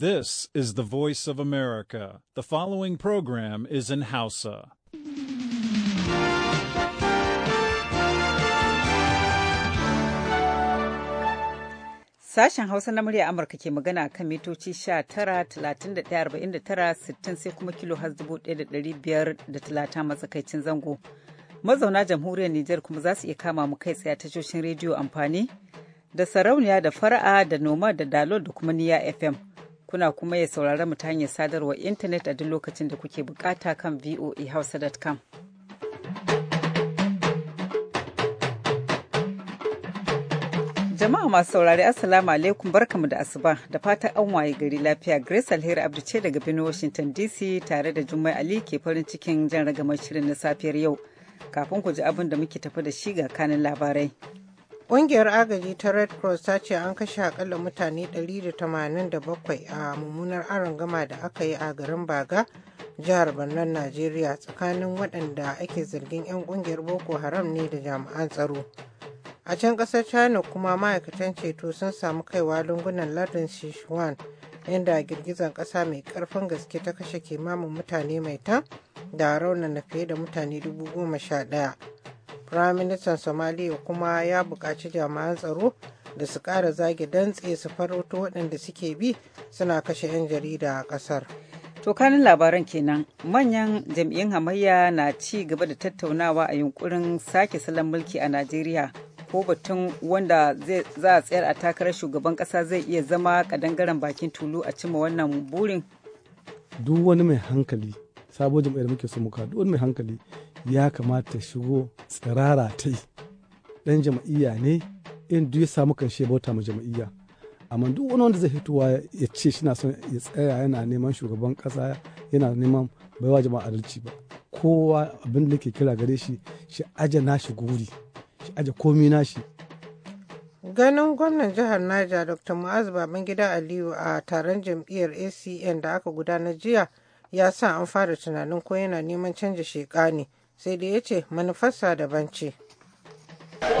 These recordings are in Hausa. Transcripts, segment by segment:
This is the voice of America. The following program is in Hausa. Sashen Hausa na murya Amurka ke magana kan mitoci 19,31,49,60 sai kuma kilo has 1,530 matsakaicin zango. Mazauna jamhuriyar Nijar kuma za su iya kama mu kai tsaye tashoshin rediyo amfani da sarauniya da fara'a da noma da dalo da kuma niya FM. kuna kuma ya saurara mu ta hanyar sadarwar intanet a duk lokacin da kuke bukata kan voahausa.com. Jama'a masu saurari Assalamu alaikum barkamu da asuba da fatan an waye gari lafiya Grace Alheri Abdu ce daga birnin Washington DC tare da Jummai Ali ke farin cikin jan ragamar shirin na safiyar yau. Kafin ku ji abin da muke tafi da shi ga kanin labarai. Ƙungiyar agaji ta Red Cross ta ce an kashe akalla mutane 187 a mummunar arangama da aka yi a garin Baga, jihar bannan Najeriya tsakanin waɗanda ake zargin 'yan ƙungiyar Boko Haram ne da jami'an tsaro. A can ƙasar China kuma ma'aikatan ceto sun samu kaiwa lungunan lardin Sichuan inda girgizar ƙasa mai ƙarfin gaske ta kashe kimanin mutane mai tan da raunana fiye da mutane 11,000. goma sha ɗaya. Firaministan Somaliya kuma ya buƙaci jami'an tsaro da su ƙara zage dantse su farauto waɗanda suke bi suna kashe 'yan jarida a ƙasar. To kanin labaran kenan manyan jam'iyyun hamayya na ci gaba da tattaunawa a yunkurin sake salon mulki a Najeriya ko batun wanda za a tsayar a takarar shugaban ƙasa zai iya zama kadangaren bakin tulu a cimma wannan burin. Duk wani mai hankali sabo jam'iyyar muke so muka duk wani mai hankali ya kamata shigo tsirara ta yi ɗan jama'iyya ne in duk ya samu kan shi bauta ma jama'iyya amma duk wani wanda zai fitowa ya ce shi na son ya tsaya yana neman shugaban ƙasa yana neman baiwa jama'a adalci ba kowa abin da ke kira gare shi shi aje nashi guri shi aje komi nashi ganin gwamnan jihar Niger Dr. Mu'az Babangida Aliyu a taron jam'iyyar ACN da aka gudanar jiya ya sa an fara tunanin ko yana neman canja sheka ne sai da ya ce manufarsa daban ce.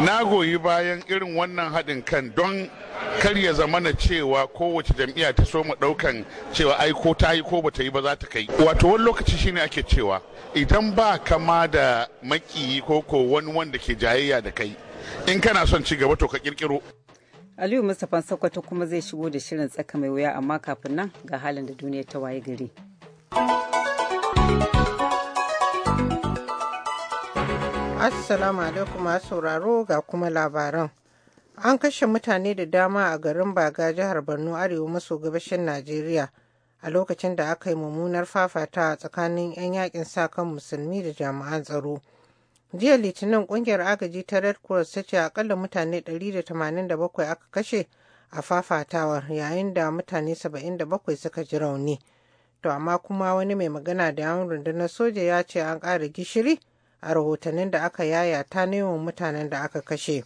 Na goyi bayan irin wannan haɗin kan don kar ya na cewa kowace jam'iyya ta so mu ɗaukan cewa ai ko ta yi ko bata yi ba za ta kai. Wato wani lokaci shine ake cewa idan ba kama da makiyi ko ko wani wanda ke jayayya da kai in kana son ci gaba to ka kirkiro. Aliyu Mustapha Sokoto kuma zai shigo da shirin tsaka mai wuya amma kafin nan ga halin da duniya ta waye gari. Assalamu alaikum masu sauraro ga kuma labaran. An kashe mutane da dama a garin Baga jihar Borno Arewa maso gabashin Najeriya a lokacin da aka yi mummunar fafata tsakanin 'yan yakin sa kan musulmi da jami'an tsaro. Jiya Litinin kungiyar agaji ta Red Cross ta ce akalla mutane 187 aka kashe a fafatawar yayin da mutane 77 suka ji rauni. To amma kuma wani mai magana da yawon rundunar soja ya ce an ƙara gishiri a rahotannin da aka yayata na yawan mutanen da aka kashe.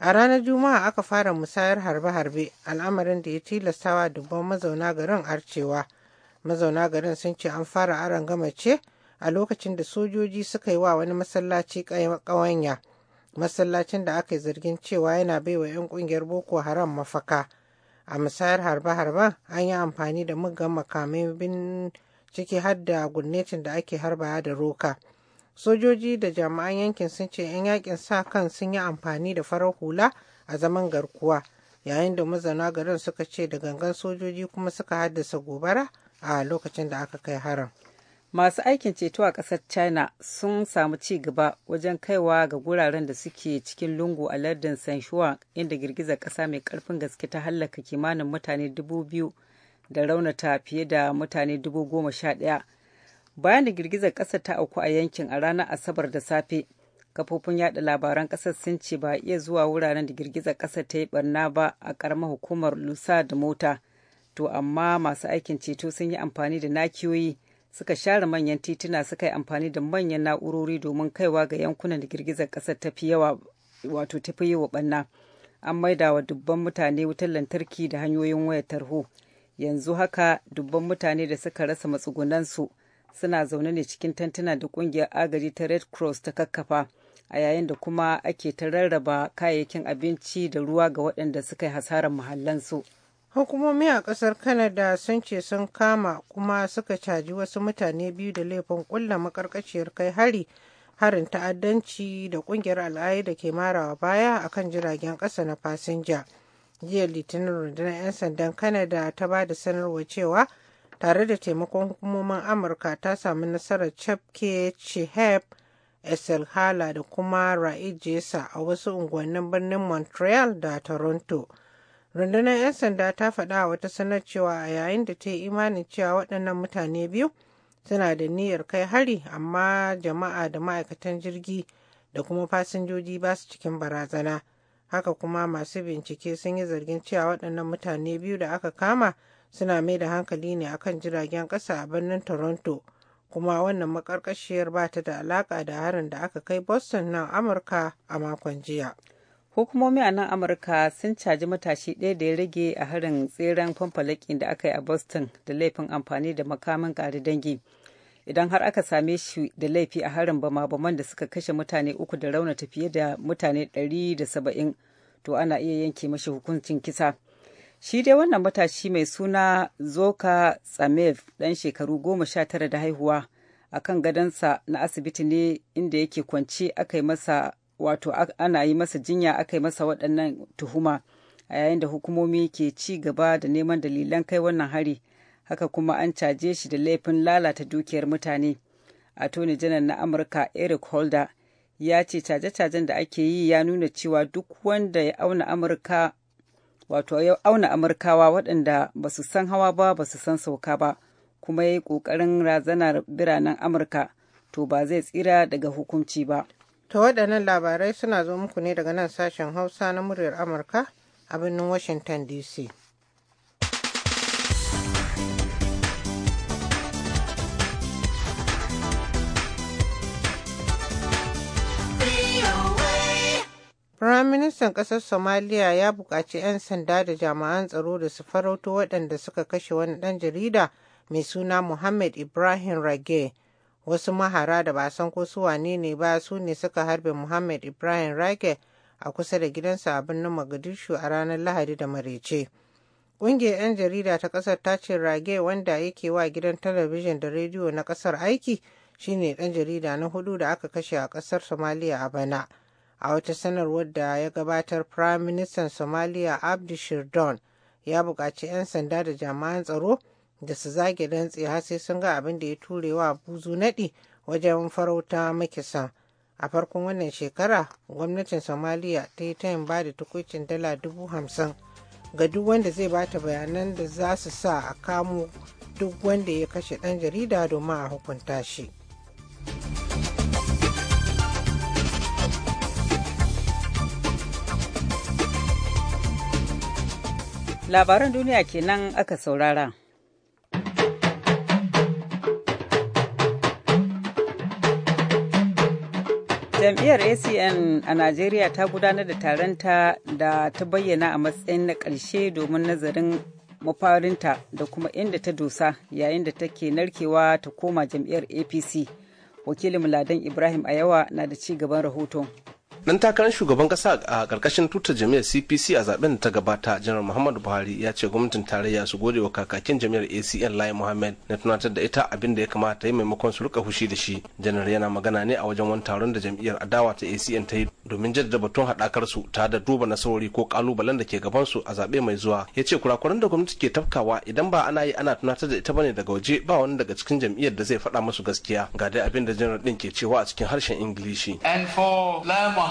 A ranar Juma'a aka fara musayar harbe-harbe al'amarin da ya tilastawa dubban mazauna garin arcewa. Mazauna garin sun ce an fara aron gamace a lokacin da sojoji suka yi wa wani masallaci ƙawanya. Masallacin da aka yi zargin cewa yana baiwa 'yan ƙungiyar Boko Haram mafaka. A musayar harbe-harben an yi amfani da muggan makamai bin ciki har da gurnetin da ake harba da roka. sojoji da jami'an yankin sun ce 'yan yakin sa kan sun yi amfani da farar hula a zaman garkuwa yayin da mazauna garin suka ce da gangan sojoji kuma suka haddasa gobara a lokacin da aka kai harin masu aikin ceto a ƙasar china sun samu ci gaba wajen kaiwa ga guraren da suke cikin lungu a lardin shuwa inda girgizar kasa mai karfin gaske ta hallaka kimanin mutane dubu biyu da raunata fiye da mutane dubu goma sha ɗaya bayan da girgizar ƙasa ta auku a yankin a ranar asabar da safe kafofin yada labaran ƙasar sun ce ba iya zuwa wuraren da girgizar ƙasa ta yi barna ba a ƙaramar hukumar lusa da mota to amma masu aikin ceto sun yi amfani da nakiyoyi suka share manyan tituna suka yi amfani da manyan na'urori domin kaiwa ga yankunan da girgizar ƙasar ta fi yawa wato ta fi yi wa ɓanna an maida wa dubban mutane wutar lantarki da hanyoyin wayar tarho yanzu haka dubban mutane da suka rasa matsugunansu su suna zaune ne cikin tantuna da kungiyar agaji ta red cross ta kakkafa a yayin da kuma ake ta rarraba kayayyakin abinci da ruwa ga waɗanda suka yi hasarar muhallansu. hukumomi a ƙasar Kanada sun ce sun kama kuma suka caji wasu mutane biyu da laifin ƙulla makarkaciyar kai hari harin ta'addanci da ƙungiyar al'ayi da ke marawa baya a kan jiragen ƙasa na fasinja jiya litinin rundunar 'yan sandan Kanada ta ba da sanarwa cewa tare da taimakon hukumomin amurka ta sami nasarar cafke Esel eselhala da kuma raijesa a wasu unguwannin birnin montreal da toronto rundunar 'yan sanda ta faɗa wata sanar cewa a yayin da ta yi imanin cewa waɗannan mutane biyu suna da niyyar kai hari amma jama'a da ma'aikatan jirgi da kuma fasinjoji ba su cikin barazana haka kuma masu bincike sun yi zargin cewa waɗannan mutane biyu da aka kama suna mai da hankali ne akan jiragen kasa a birnin toronto kuma wannan makarkashiyar ba ta da alaƙa da harin da aka kai boston na amurka a makon jiya hukumomi a nan amurka sun caji matashi ɗaya da ya rage a harin tseren fanfalakin da aka yi a boston da laifin amfani da makamin ƙari dangi idan har aka same shi da laifi a harin bama-baman da suka kashe mutane uku da raunata fiye da mutane 170 to ana iya yanke mashi hukuncin kisa Shi dai wannan matashi mai suna Zoka Tsamev dan shekaru goma sha tara da haihuwa a kan gadonsa na asibiti ne inda yake kwance aka yi masa wato ana yi masa jinya aka yi masa waɗannan tuhuma a yayin da hukumomi ke ci gaba da neman dalilan kai wannan hari haka kuma an caje shi da laifin lalata dukiyar mutane. A tony janar na Amurka Eric Holder ya ce caje-cajen da ake yi ya nuna cewa duk wanda ya auna Amurka wato ya auna amurkawa waɗanda ba su san hawa ba ba su san sauka ba kuma ya yi ƙoƙarin razanar biranen amurka to ba zai tsira daga hukunci ba to waɗannan labarai suna zo muku ne daga nan sashen hausa na muryar amurka a birnin washington dc Firaministan ƙasar Somaliya ya buƙaci 'yan sanda da jami'an tsaro da su farauto waɗanda suka kashe wani ɗan jarida mai suna Muhammad Ibrahim Rage. Wasu mahara da ba san ko su wane ne ba su ne suka harbe Muhammad Ibrahim Rage a kusa da gidansa a birnin Mogadishu a ranar Lahadi da Marece. Ƙungiyar 'yan jarida ta ƙasar ta ce Rage wanda yake wa gidan talabijin da rediyo na ƙasar aiki shine ɗan jarida na hudu da aka kashe a ƙasar Somaliya a bana. a wata sanarwar da ya gabatar prime minister somalia abdi shirdon ya buƙaci 'yan sanda da jami'an tsaro da su zage dantse har sai sun ga abin da ya turewa wa buzu naɗi wajen farauta makisan a farkon wannan shekara gwamnatin somaliya ta yi tayin ba da tukucin dala dubu hamsin ga duk wanda zai bata bayanan da za su sa a kamo duk wanda ya kashe ɗan jarida domin a hukunta shi. labaran duniya kenan aka saurara jam'iyyar acn a najeriya ta gudanar da taronta da ta bayyana a matsayin na ƙarshe domin nazarin mafarinta da kuma inda ta dosa yayin da take narkewa ta koma jam'iyyar apc wakilin Ladan ibrahim ayawa na da ci gaban rahoton dan takarar shugaban kasa a karkashin tuta jami'ar cpc a zaben da ta gabata janar muhammadu buhari ya ce gwamnatin tarayya su gode wa kakakin jami'ar acn lai muhammad na tunatar da ita abin da ya kamata yi maimakon su rika fushi da shi janar yana magana ne a wajen wani taron da jami'ar adawa ta acn ta yi domin jaddada batun haɗakar su ta da duba nasarori ko kalubalen da ke gaban su a zaɓe mai zuwa ya ce kurakuran da gwamnati ke tafkawa idan ba ana yi ana tunatar da ita bane daga waje ba wani daga cikin jami'ar da zai faɗa musu gaskiya ga dai abin da janar din ke cewa a cikin harshen ingilishi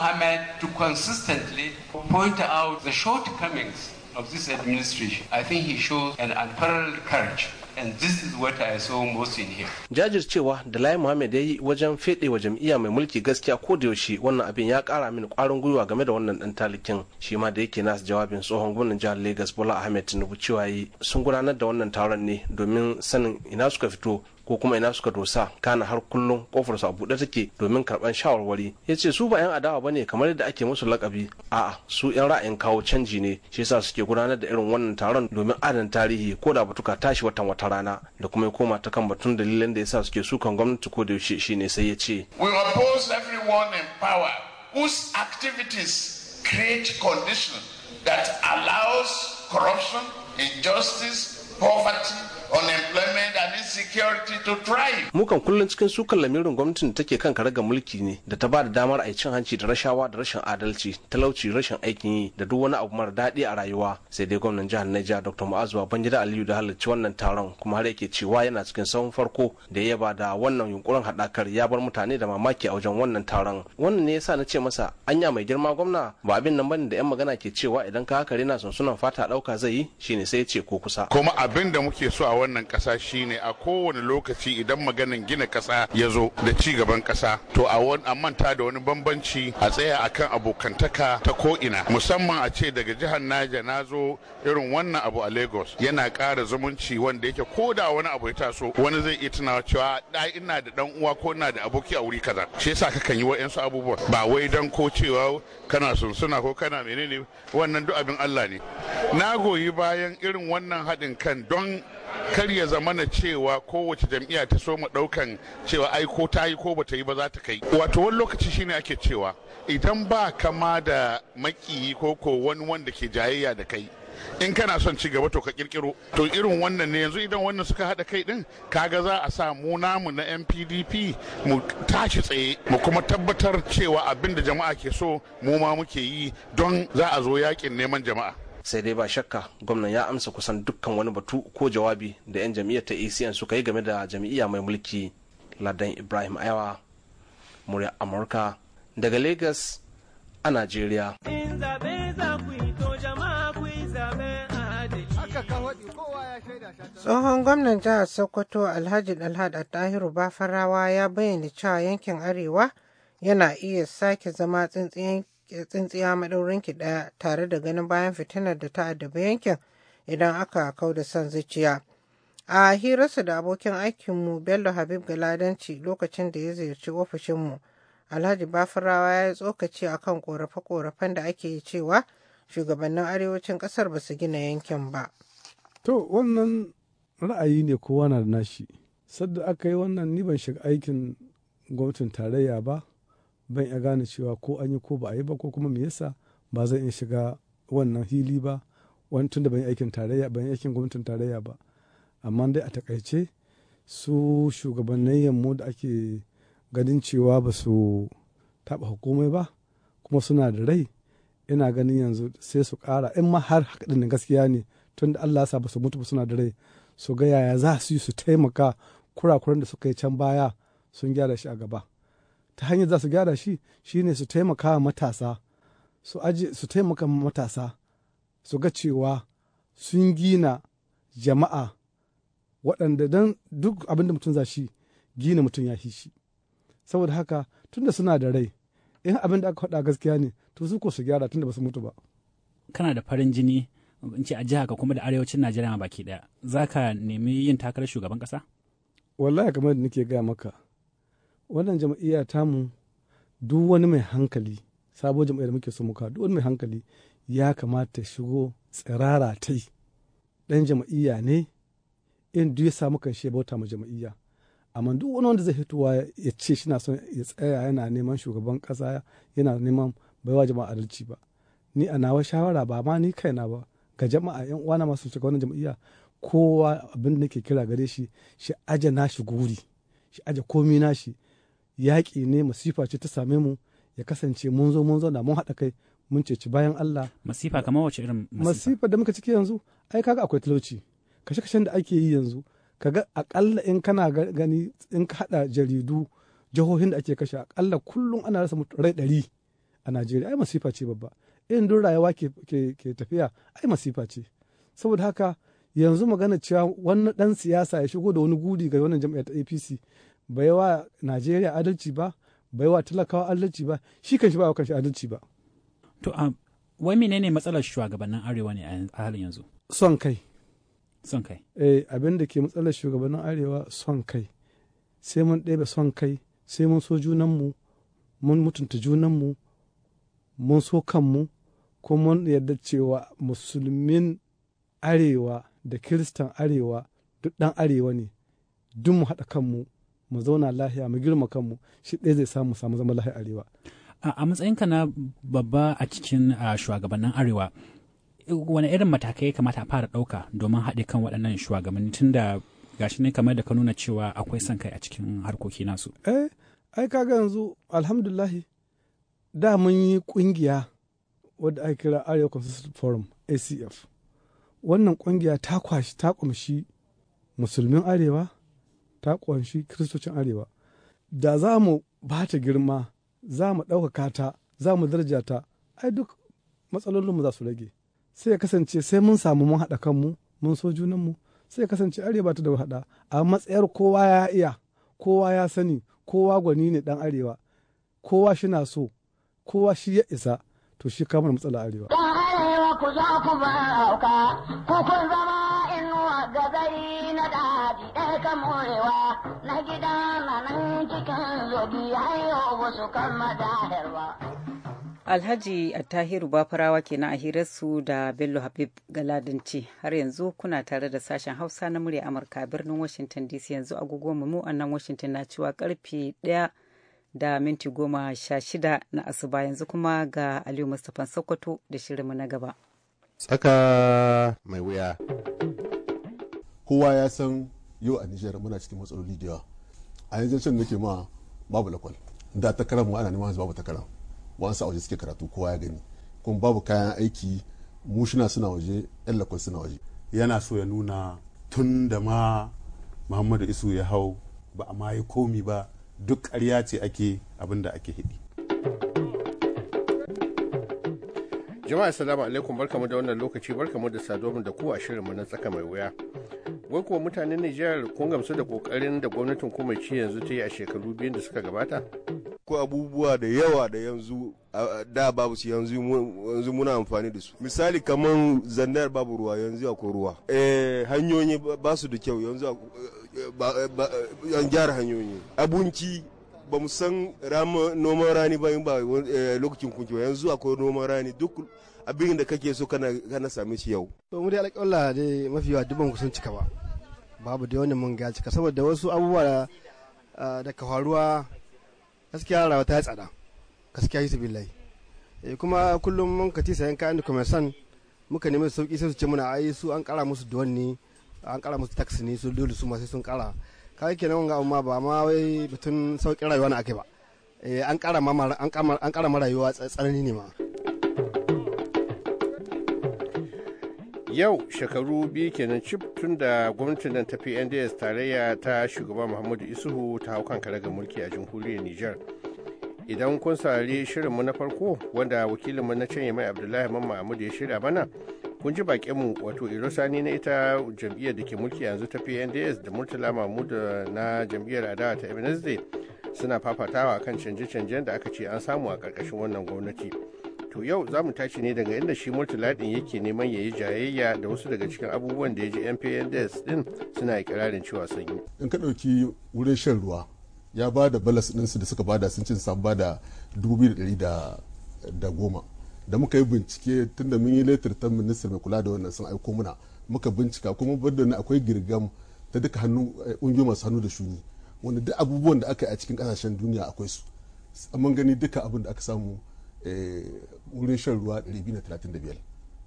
Mohammed to consistently point out the shortcomings of this administration. I think he shows an unparalleled courage. And this is what I saw most in him. Jajircewa da Lai Muhammad ya yi wajen fede wa jam'iyya mai mulki gaskiya ko da yaushe wannan abin ya kara mini kwarin gwiwa game da wannan dan talikin shi ma da yake nasu jawabin tsohon gwamnan jihar Lagos Bola Ahmed Tinubu cewa yi sun gudanar da wannan taron ne domin sanin ina suka fito ko kuma ina suka dosa kana har kullum kofar a buɗe take domin karɓan shawarwari ya ce su ba 'yan adawa ne kamar yadda ake musu lakabi a'a su 'yan ra'ayin kawo canji ne shi yasa suke gudanar da irin wannan taron domin adana tarihi ko da batuka tashi watan wata rana da kuma ya koma ta kan batun dalilan da yasa suke sukan gwamnati ko da yaushe shine sai ya ce we oppose everyone in power whose activities create condition that allows corruption injustice poverty unemployment and insecurity to thrive. Mukan kullum cikin sukan lamirin gwamnatin da take kan karaga mulki ne da ta ba da damar a cin hanci da rashawa da rashin adalci, talauci, rashin aikin yi da duk wani abu mara daɗi a rayuwa. Sai dai gwamnan jihar Niger Dr. Mu'azu Babangida Aliyu da halarci wannan taron kuma har yake cewa yana cikin sahun farko da ya ba da wannan yunkurin haɗakar ya bar mutane da mamaki a wajen wannan taron. Wannan ne yasa na ce masa anya mai girma gwamna ba abin nan bane da 'yan magana ke cewa idan ka haka rena sunan fata ɗauka zai yi shine sai ya ce ko kusa. Kuma abin da muke so a wannan ƙasa shine a kowane lokaci idan maganan gina ƙasa ya zo da ci gaban ƙasa to a manta da wani bambanci a tsaya akan abokantaka ta ko'ina musamman a ce daga jihar Naja na zo irin wannan abu a Lagos yana ƙara zumunci wanda yake ko da wani abu ya taso wani zai iya tunawa cewa da ina da dan uwa ko ina da aboki a wuri kaza shi yasa kakan yi waansu abubuwa ba wai dan ko cewa kana sunsuna ko kana menene wannan duk abin Allah ne na goyi bayan irin wannan haɗin kan don kar ya zamana cewa kowace jam'iyya ta so mu daukan cewa ai ko ta yi ko ba ta yi ba za ta kai wato wani lokaci shine ake cewa idan ba kama da makiyi ko ko wani wanda ke jayayya da kai in kana son ci gaba to ka kirkiro to irin wannan ne yanzu idan wannan suka haɗa kai din kaga za a sa mu namu na NPDP mu tashi tsaye mu kuma tabbatar cewa abin da jama'a ke so mu ma muke yi don za a zo yakin neman jama'a sai dai ba shakka gwamnan ya amsa kusan dukkan wani batu ko jawabi da 'yan jam'iyyar ta acn suka yi game da jam'iyya mai mulki ladan ibrahim ayawa murya amurka daga lagos a najeriya tsohon gwamnan jihar sokoto alhaji dalhad tahiru bafarawa ya bayyana cewa yankin arewa yana iya sake zama tsintsin tsintsiya maɗaurin ki ɗaya tare da ganin bayan fitinar da ta addabi yankin idan aka kau da son zuciya. A hirarsa da abokin aikinmu Bello Habib Galadanci lokacin da ya ziyarci ofishinmu, Alhaji Bafarawa ya yi tsokaci a kan ƙorafe-ƙorafen da ake cewa shugabannin arewacin ƙasar ba su gina yankin ba. To, wannan ra'ayi ne kowa na da nashi. Sadda aka yi wannan ni ban shiga aikin gwamnatin tarayya ba, ban iya gane cewa ko an yi ko ba a yi ba ko kuma me yasa ba zan iya shiga wannan hili ba wani tunda ban yi aikin tarayya ban aikin gwamnatin tarayya ba amma dai a takaice su shugabannin yammu da ake ganin cewa ba su taɓa hukumai ba kuma suna da rai ina ganin yanzu sai su ƙara in ma har haka da gaskiya ne tun da Allah sa ba su mutu ba suna da rai su ga yaya za su yi su taimaka kurakuran da suka yi can baya sun gyara shi a gaba. ta hanyar za su gyara shi shine su taimaka matasa su aji su taimaka matasa su ga cewa sun gina jama'a waɗanda don duk abinda da mutum za shi gina mutum ya shi shi saboda haka tunda suna da rai in abin da aka faɗa gaskiya ne to su ko su gyara tunda ba su mutu ba kana da farin jini in ce a jiha ka kuma da arewacin Najeriya ma baki daya za ka nemi yin takarar shugaban kasa wallahi kamar da nake gaya maka wannan jam'iyya mu duk wani mai hankali sabo jam'iyyar muke so muka duk wani mai hankali ya kamata shigo tsirara ta yi ɗan jam'iyya ne in duk ya samu kan shi bauta ma jam'iyya amma duk wani wanda zai fitowa ya ce shi na son ya tsaya yana neman shugaban ƙasa yana neman baiwa jama'a adalci ba ni a nawa shawara ba ma ni kaina ba ga jama'a yan uwana masu shiga wannan jam'iyya kowa abinda da nake kira gare shi shi aje nashi guri shi aje komi nashi yaƙi ne masifa ce ta same mu ya kasance mun zo mun zauna mun haɗa kai mun ceci bayan Allah. Masifa kamar wace irin masifa? Masifa da muka ciki yanzu ai kaga akwai talauci kashe-kashen da ake yi yanzu kaga akalla in kana gani in ka haɗa jaridu jihohin da ake kashe akalla kullum ana rasa rai ɗari a Najeriya ai masifa ce babba irin duk rayuwa ke tafiya ai masifa ce saboda haka yanzu magana cewa wani ɗan siyasa ya shigo da wani gudi ga wannan jam'iyyar APC bai wa najeriya adalci ba bai wa talakawa adalci ba shi kan shi ba kan shi adalci ba to a um, wai menene matsalar shugabannin arewa ne a halin yanzu son kai son kai eh abin da ke matsalar shugabannin arewa son kai sai mun ɗebe son kai sai mun so junanmu mun mutunta junanmu mun so kanmu kuma mun yarda cewa musulmin arewa da kiristan arewa duk ɗan arewa ne duk mu haɗa kanmu mu zauna lahiya mu girma kanmu shi ɗaya zai samu samu zama lahiya arewa a matsayinka na babba a cikin shugabannin arewa wani irin matakai kamata a fara ɗauka domin haɗe kan waɗannan shugabanni tun da gashi ne kamar da ka nuna cewa akwai son kai a cikin harkoki nasu eh ai kaga yanzu alhamdulahi da mun yi ƙungiya wadda ake kira Arewa Constitutional Forum ACF wannan ƙungiya ta kwashi ta ƙumshi musulmin arewa ta ƙunshi kiristocin arewa da za mu ba ta girma za mu ɗaukaka ta za mu daraja ta ai duk matsalolinmu za su rage sai ya kasance sai mun samu mun haɗa kanmu mun so junanmu sai ya kasance arewa ta da haɗa a matsayar kowa ya iya kowa ya sani kowa gwani ne dan arewa kowa shi na so kowa shi ya isa to shi kamar matsala arewa. arewa ku za ku ku zama na gida na cikin hayo Alhaji Attahiru Bafarawa kenan a ahirarsu da Bello Habib Galadinci har yanzu kuna tare da sashen Hausa na murya Amurka birnin Washington DC yanzu agogo mu a nan Washington na cewa karfe ɗaya da minti goma sha shida na asuba yanzu kuma ga Aliyu Mustapha Sokoto da shirinmu na gaba. Tsaka mai wuya. Kowa ya san yau a nijar muna cikin matsaloli da yawa a yanzu can nake ma babu lakwal da takarar mu ana neman babu takara wasu a waje suke karatu kowa ya gani kuma babu kayan aiki mu mushina suna waje yan lakwal suna waje yana so ya nuna tun da ma muhammadu isu ya hau ba a ma yi komi ba duk ƙarya ce ake abin da ake hidi jama'a salamu alaikum barkamu da wannan lokaci barkamu da sadomin da ku a shirinmu na tsaka mai wuya wai kuwa mutanen Nijar kun gamsu da kokarin da gwamnatin kuma ci yanzu ta yi a shekaru biyun da suka gabata? Ko abubuwa da yawa da yanzu da babu su yanzu muna amfani da su. Misali kamar zandar babu ruwa yanzu akwai ruwa. Eh, hanyoyi ba su da kyau yanzu eh, eh, an gyara hanyoyi. Abunci ba mu san noman rani ba ba lokacin kunci yanzu akwai noman rani duk abin da kake so kana same shi yau. To mu dai alƙawalla dai mafi yawa dubban kusan cika ba. babu da wani mun gaci ka saboda wasu abubuwa da ah, ka faruwa gaskiya rawa ta tsada gaskiya yi billahi eh, kuma kullum mun ka tisa yan kayan commerçant muka nemi sauki sai su ce muna ai su an kara musu da wani an kara musu tax ne su dole su ma sai sun kara kai kenan wanga amma ba ma wai batun sauki rayuwa na ake ba eh, an kara ma an kara ma rayuwa tsanani ne ma yau shekaru biyu kenan cip tun da gwamnatin nan ta pnds tarayya ta shugaba muhammadu isuhu ta hau kan ga mulki a jamhuriyar niger idan kun saurari shirinmu na farko wanda wakilinmu na can mai abdullahi mamma ya shirya mana kun ji bakinmu wato irosani na ita jam'iyyar da ke mulki yanzu ta pnds da murtala mahmudu na jam'iyyar adawa ta ebenezer suna fafatawa kan canje-canjen da aka ce an samu a ƙarƙashin wannan gwamnati to yau za mu tashi ne daga inda shi murtala yake neman ya yi jayayya da wasu daga cikin abubuwan da ya ji mpns din suna ikirarin cewa sun yi in ka ɗauki wurin shan ruwa ya ba da balas ɗinsu da suka bada sun cin san bada goma da muka yi bincike tun da mun yi letter ta mai kula da wannan sun aiko muna muka bincika kuma bada akwai girgam ta duka hannu eh, ƙungiyoyi masu hannu da shuni wanda duk abubuwan da aka yi a cikin ƙasashen duniya akwai su amma gani duka abin da aka samu eh, wurin shan ruwa 235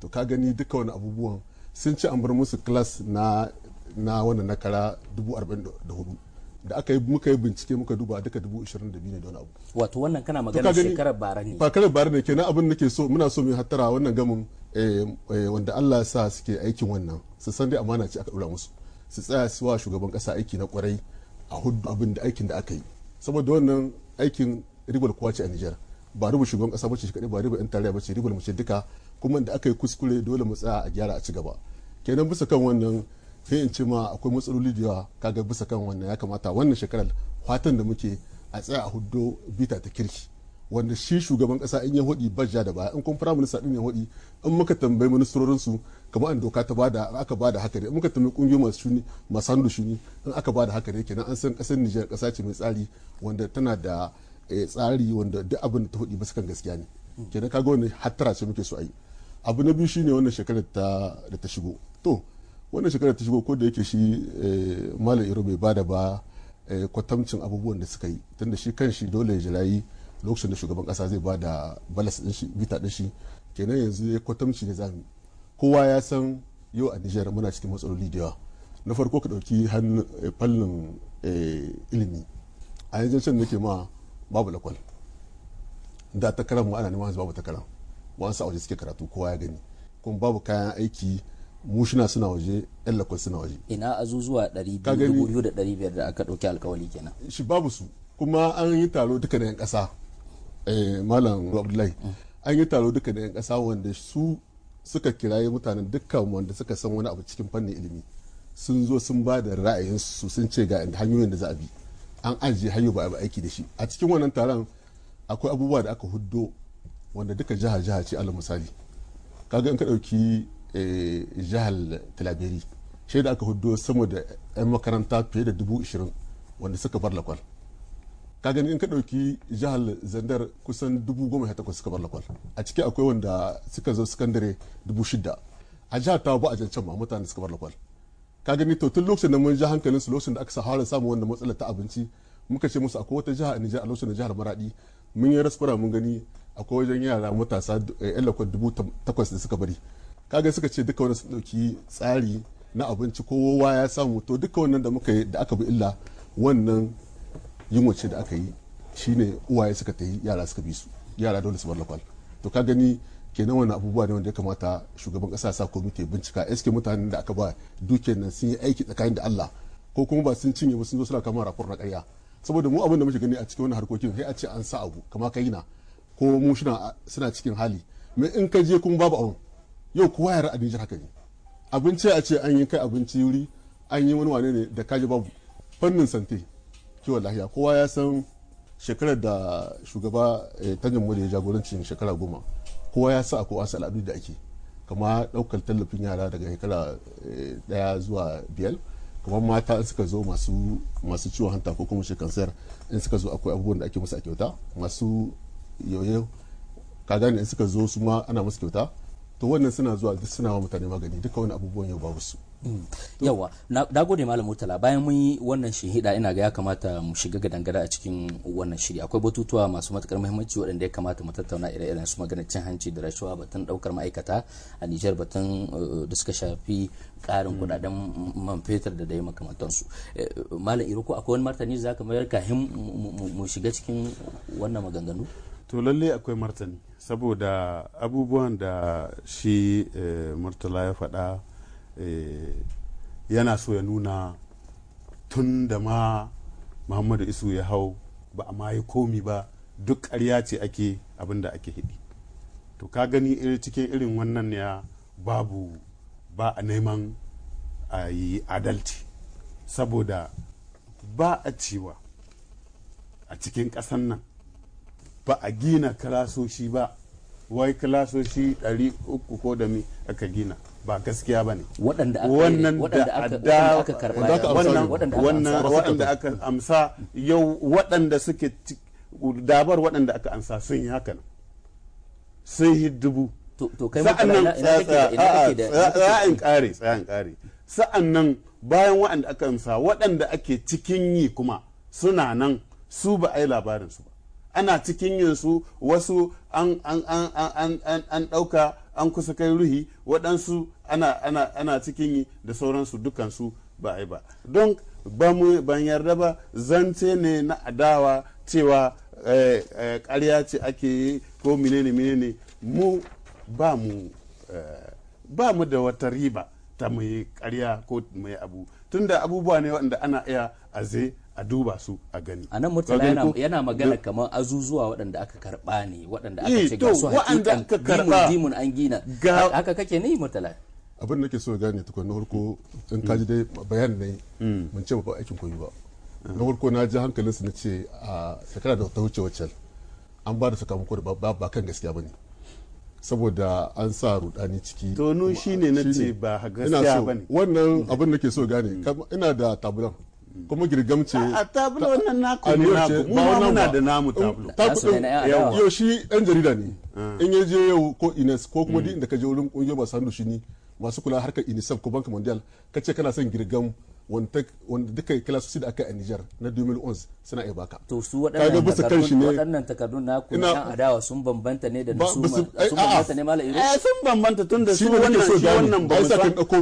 to ka gani duka wani abubuwan sun ci an bar musu klas na na wannan na kara 44 da aka yi muka yi bincike muka duba duka 22 ne da wani abu wato wannan kana magana shekarar bara ne shekarar bara ne kenan abin nake so muna so mu hattara wannan gamin eh, eh, wanda Allah ya sa suke aikin wannan su san dai amana ce aka dora musu su tsaya su wa shugaban kasa aiki na kwarai a hudu abin da aikin da aka yi saboda wannan aikin rigwal kuwa ce a Nijar ba riba shugaban kasa bace kadai ba riba yan tarayya bace riba mace duka kuma da aka yi kuskure dole mu tsaya a gyara a ci gaba kenan bisa kan wannan sai in ce ma akwai matsaloli da yawa kaga bisa kan wannan ya kamata wannan shekarar fatan da muke a tsaya a huddo bita ta kirki wanda shi shugaban kasa in ya hodi bajja da baya in kun fara minista din ya hodi in muka tambayi ministrorin su kamar an doka ta bada aka bada haka ne in muka tambayi kungiyoyi masu shuni masu hannu shuni in aka bada haka ne kenan an san kasar Nijar kasa ce mai tsari wanda tana da Eh, tsari wanda duk abin da ta hudu masu kan gaskiya ne kenan kaga wannan hattara sai muke so a yi abu na biyu shine wannan shekarar da ta shigo to wannan shekarar ta shigo ko da yake shi eh, malam iro bai bada ba eh, kwatamcin abubuwan da suka yi tunda shi kan shi dole ya jirayi lokacin da shugaban kasa zai da balas din shi bita din shi kenan yanzu ya kwatamci da zamu kowa ya san yau a Nijar muna cikin matsaloli da yawa na farko ka dauki hannun fallin ilimi a yanzu can ke ma babu lakwal da ta mu ana neman babu takarar wasu a waje suke karatu kowa ya gani kuma babu kayan aiki mushina suna waje yan lakwal suna waje ina azuzuwa 200,500 da aka ɗauki alkawali kenan shi babu su kuma an yi taro duka da yan ƙasa eh, malam abdullahi an yi taro duka da yan ƙasa wanda su suka kiraye mutanen dukkan wanda suka san wani abu cikin fannin ilimi sun zo sun ba da ra'ayinsu sun ce ga hanyoyin da za a bi an ajiye hanyar ba a aiki da shi a cikin wannan taron akwai abubuwa da aka huddo wanda duka jihar jihar ce alal misali kaga in ka dauki eh, jihar talabiri shi da aka huddo sama da 'yan makaranta fiye da dubu ishirin wanda suka bar lakwal ka gani in ka dauki jihar zandar kusan dubu goma sha takwas suka bar lakwal a ciki akwai wanda suka zo sakandare dubu shida a jihar ta ba a jancan ma mutane suka bar lakwal ka gani to tun lokacin da mun ji hankalin su lokacin da aka sahara samun wanda matsalar ta abinci muka ce musu akwai wata jiha a Nijar a lokacin da jihar Maradi mun yi rasfara mun gani akwai wajen yara matasa yan eh, dubu takwas da suka bari kaga suka ce duka wani sun dauki tsari na abinci kowa ya samu to duka wannan da muka yi da aka bi illa wannan yunwace da aka yi shine uwaye suka ta yi yara suka bi su yara dole su bar lakwal to ka gani kenan wani abubuwa ne wanda ya kamata shugaban kasa sa komite bincika eske mutane da aka ba dukiyar nan sun yi aiki tsakanin da Allah ko kuma ba sun cinye ba sun zo suna kama rakon na ƙarya saboda mu abin da muke gani a cikin wani harkokin sai a ce an sa abu kama ka kai na ko mu suna cikin hali mai in ka je kuma babu abun yau kowa ya ra'adin jihar haka ne abinci a ce an yi kai abinci wuri an yi wani wane ne da kaji babu fannin sante kiwon lahiya kowa ya san shekarar da shugaba eh, tanjin mu da ya jagorancin shekara goma kowa ya sa ko wasu al'adu da ake kama ɗaukar tallafin yara daga shekara daya eh, zuwa biyar kamar mata in suka zo masu ciwon hanta ko kuma shekansar in suka zo akwai abubuwan da ake musu a kyauta masu yoyo ka gane in suka zo su ma ana musu kyauta to wannan suna zuwa duk suna wa mutane magani duka wani abubuwan yau ba su. Mm. yawa na gode malam murtala bayan mun yi wannan shahida ina ga ya kamata mu shiga ga dangada a cikin wannan shiri akwai batutuwa masu matukar muhimmanci waɗanda ya kamata mu tattauna ire-iren su maganar cin hanci da rashawa batun daukar ma'aikata a Nijar batun eh, da suka shafi ƙarin mm. kudaden man fetur da dai makamantansu eh, malam iroko akwai wani martani za ka mayar kahin mu shiga cikin wannan maganganu to lalle akwai martani saboda abubuwan da shi eh, murtala ya faɗa Eh, yana so ya nuna tun da ma muhammadu isu ya hau ba a ma yi komi ba duk ƙarya ce ake abin da ake hidi to ka gani cikin irin wannan ya babu ba a neman a yi adalci saboda ba a cewa a cikin ƙasan nan ba a gina kalasoshi ba wai kalasoshi 300 ko da mi aka gina ba gaskiya ba ne wannan da waɗanda aka amsa yau waɗanda suke dabar waɗanda aka amsa sun yi haka sun yi dubu sa'annan tsa'in ƙare tsa'in ƙare sa'annan bayan waɗanda aka amsa waɗanda ake cikin yi kuma suna nan su ba a yi labarinsu ba ana cikin yin su wasu an ɗauka an kusa kai ruhi waɗansu ana cikin yi da sauransu dukansu ba a yi ba don ban yarda ba zance ne na adawa cewa eh, eh, ƙarya ce ake yi ko mine menene mu ba mu eh, ba mu da wata riba ta mu yi ƙarya ko mai abu tunda abubuwa ne waɗanda ana iya aze a duba su a gani a nan murtala yana magana kamar azuzuwa waɗanda aka karɓa ne waɗanda aka eh, ce ga su hakikan dimun dimun an gina haka kake ne murtala abin da ke so gane tukun na farko in kaji dai bayan ne mun hmm. ce babban aikin koyi ba na farko na ji hankalin su na ce a shekara da ta wuce wacce an ba da sakamako da ba kan gaskiya ba ne saboda an sa rudani ciki tonu shine na ce ba gaskiya ba ne wannan abin da ke so gane ina da tabulan kuma girgam ce a tablo nan na ku na ku mu muna da namu tablo eh, yau shi dan jarida ne ah. in ya je yau ko ines ko kuma mm. duk inda ka je wurin kungiyoyi masu hannu shi ne masu kula harkar unicef ko banka mondial ka ce kana son girgam wanda duka su da aka yi a Nijar na 2011 suna iya baka. To su waɗannan takardun na ku yan adawa sun bambanta ne da na su sun bambanta ne mala iro. Eh, sun bambanta tun da su wannan shi wannan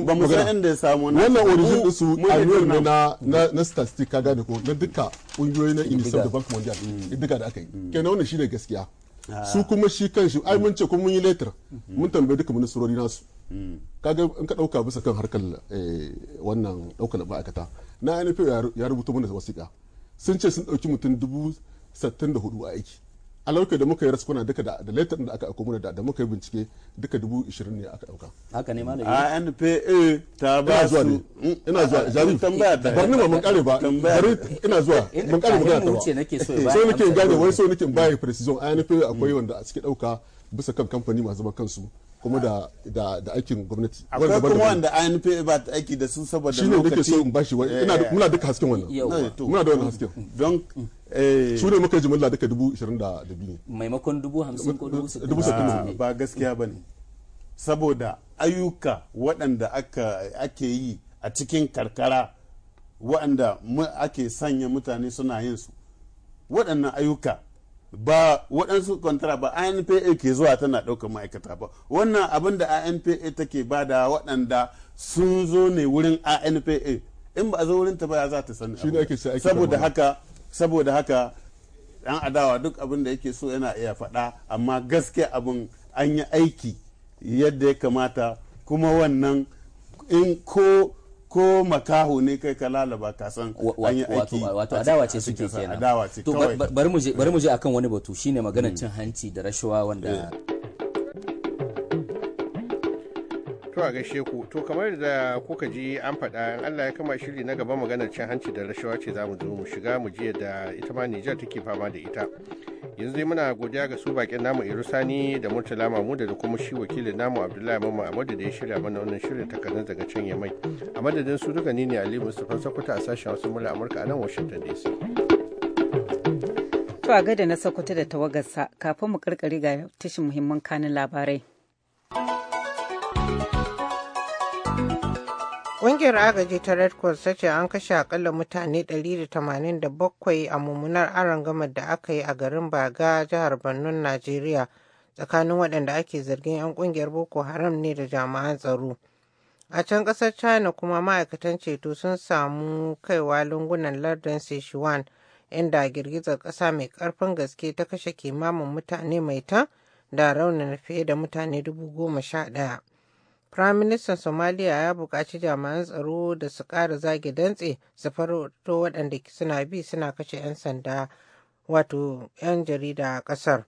ba mu inda ya samu na. Wannan origin din su annual ne na na statistic ka gane ko na duka ƙungiyoyi na UNICEF da Bank Mondial mm. duka da aka yi. Mm. Kenan wannan shi ne gaskiya. Ah. Su kuma shi kanshi ai mun ce kuma mun yi letter mun tambaye duka ministrori nasu. kaga in ka dauka bisa kan harkar eh, wannan daukar ma'aikata na nfa ya rubuta mana wasiƙa sun ce sun dauki mutum dubu sattin da hudu a aiki a lokacin da muka yi raskuna duka da da letter da aka akwai da da muka yi bincike duka dubu ishirin ne aka dauka haka ne malam a nfa ta ba su ina zuwa ah, jari bar ni ma mun kare ba bari ina zuwa mun eh, kare mun ta ba eh, so nake gane wai so nake in baya precision a nfa akwai wanda suke dauka bisa kan kamfani masu zama kansu kuma da da da aikin gwamnati akwai kuma wanda ANPA ba ta aiki da su saboda lokaci shine nake so in bashi ina da eh. muna duka hasken wannan eh, muna da wannan hasken don eh. su ne muka jimilla duka dubu ishirin da biyu ne maimakon dubu hamsin ko dubu sittin ba gaskiya ba ne saboda ayyuka waɗanda ake yi a cikin karkara waɗanda ake sanya mutane suna yin su waɗannan ayyuka ba waɗansu kwantara ba INPA ke zuwa tana ɗaukar ma'aikata ba wannan abin da INPA take bada waɗanda sun zo ne wurin INPA in ba a zo wurin ta ba za ta sani saboda haka saboda haka ɗan adawa duk abin da yake so yana iya faɗa amma gaske abin an yi aiki yadda ya kamata kuma wannan in ko ko makaho ne kai ka lalaba ka san an yi aiki wato adawa ce suke kenan adawa ce kawai bari mu je bari mu je akan wani batu shine maganar mm. cin hanci da rashawa wanda eh. to a gaishe ku to kamar da kuka ji an faɗa in Allah ya kama shiri na gaba maganar cin hanci da rashawa ce za mu zo mu shiga mu je da ita ma Nijar take fama da ita yanzu dai muna godiya ga su bakin namu irusani da murtala mamuda da kuma shi wakilin namu abdullahi mamma a da ya shirya mana wannan shirin takardun daga can yamai a madadin su duka ni ne ali mustapha sakuta a sashen wasu murya amurka a nan washington dc to a gada na sakuta da tawagarsa kafin mu karkare ga tashin muhimman kanin labarai Ƙungiyar agaji ta Red Cross ta ce an kashe akalla mutane 187 a mummunar aron arangamar da aka yi a garin Baga, jihar Borno, Najeriya, tsakanin waɗanda ake zargin 'yan ƙungiyar Boko Haram ne da jami'an tsaro. A can ƙasar China kuma ma'aikatan ceto sun samu kaiwa lungunan lardin Sichuan, inda girgizar ƙasa mai ƙarfin gaske ta kashe kimanin mutane mai ta da raunin fiye da mutane dubu goma sha ɗaya. Firaministan Somaliya ya buƙaci jami'an tsaro da su ƙara zage dantse su farauto waɗanda suna bi suna kashe 'yan sanda wato 'yan jarida a ƙasar.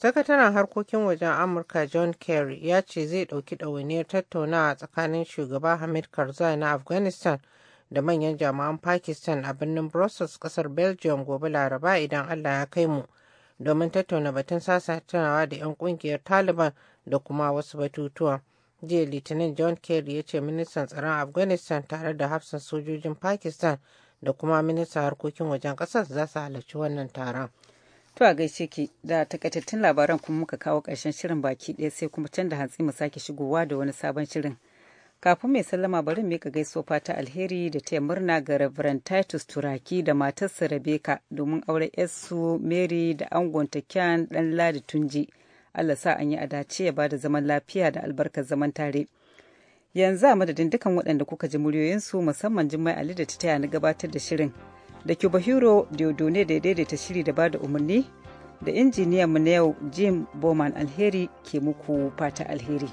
Sakataren harkokin wajen Amurka John Kerry ya ce zai ɗauki ɗawainiyar tattaunawa tsakanin shugaba Hamid Karzai na Afghanistan da manyan jami'an Pakistan a birnin Brussels ƙasar Belgium gobe Laraba idan Allah ya kai mu domin tattauna batun sasa tunawa da 'yan ƙungiyar Taliban da kuma wasu batutuwa. jiya litinin john kerry ya ce ministan tsaron afghanistan tare da hafsan sojojin pakistan da kuma ministan harkokin wajen kasar za su halarci wannan taron to a gaishe ki da takaitattun labaran kuma muka kawo karshen shirin baki ɗaya sai kuma can da hantsi mu sake shigowa da wani sabon shirin kafin mai sallama bari mu ka gaiso fata alheri da taya murna ga Reverend Titus Turaki da matarsa Rebecca domin aure yarsu Mary da ta Kyan dan Ladi Tunji. Allah sa an yi a dace ya bada zaman lafiya da albarkar zaman tare. Yanzu a madadin dukan waɗanda kuka ji muryoyinsu musamman Jummai Ali da ta taya na gabatar da shirin. Da Cuba Hero Diodone da ya daidaita shiri da bada umarni da injiniyan mu na yau Jim Bowman Alheri ke muku fata alheri.